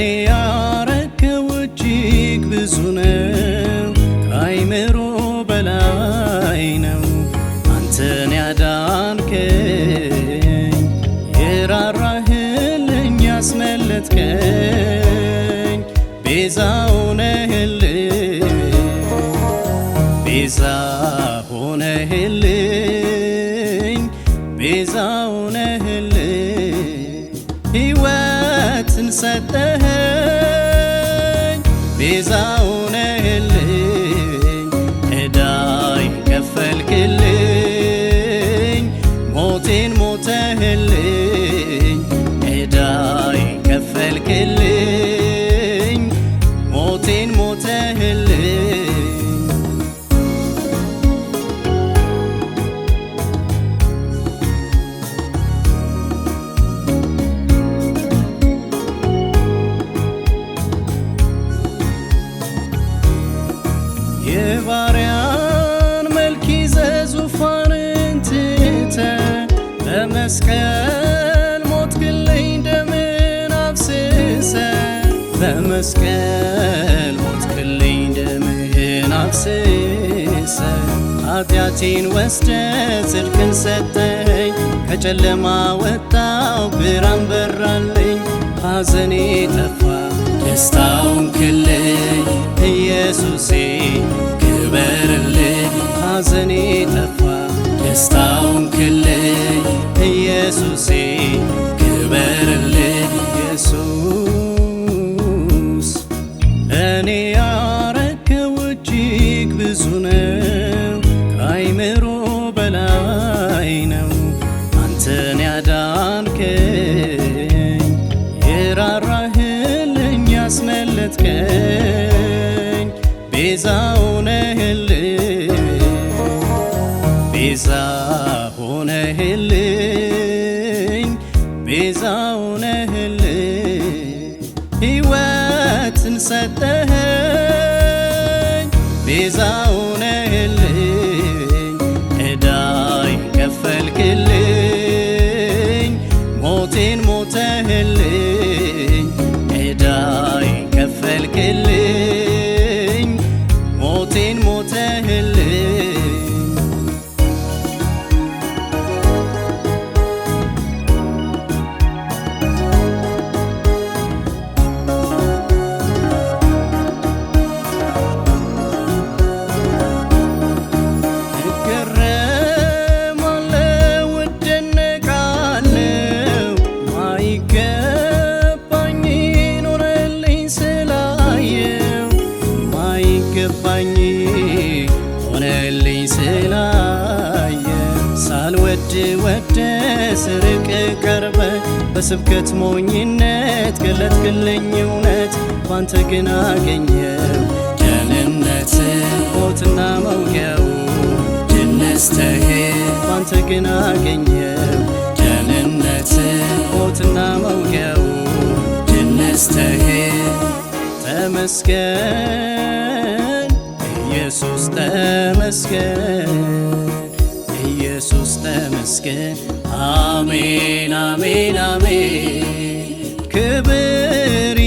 ለእኔ ያረከው እጅግ ብዙ ነው፣ ከአይምሮ በላይ ነው። አንተን ያዳንከኝ የራራህልኝ ያስመለጥከኝ ቤዛ ሆነህልኝ ቤዛ ሆነህልኝ ቤዛ ሆነህልኝ ሕይወትን ሰጠህ always out. የባሪያን መልክ ይዘ ዙፋንን ትተ በመስቀል ሞት ግለኝ ደምን አፍስሰ በመስቀል ሞት ግለኝ ደምን አፍስሰ ኃጢአቴን ወስደ ጽድቅን ሰጠኝ ከጨለማ ወጣው ብራን በራልኝ ሐዘኔ ጠፋ ደስታ ቤዛ ሆነህልኝ ቤዛ ሆነህልኝ ሕይወትን ሰጠኸኝ ቤዛ ሆነህልኝ ዕዳይን ከፈልክልኝ ሞቴን ሞተህልኝ ዕዳይን ከፈልክልኝ ሞቴን ሞተህልኝ ቀርበ በስብከት ሞኝነት ገለጥክልኝ እውነት ባንተ ግን አገኘው ደህንነት ሞትና መውጊያው ድነስተሄ ባንተ ግን አገኘው ደህንነት ሞትና መውጊያው ድነስተሄ ተመስገን ኢየሱስ ተመስገን ተመስገን። አሜን አሜን አሜን ክብር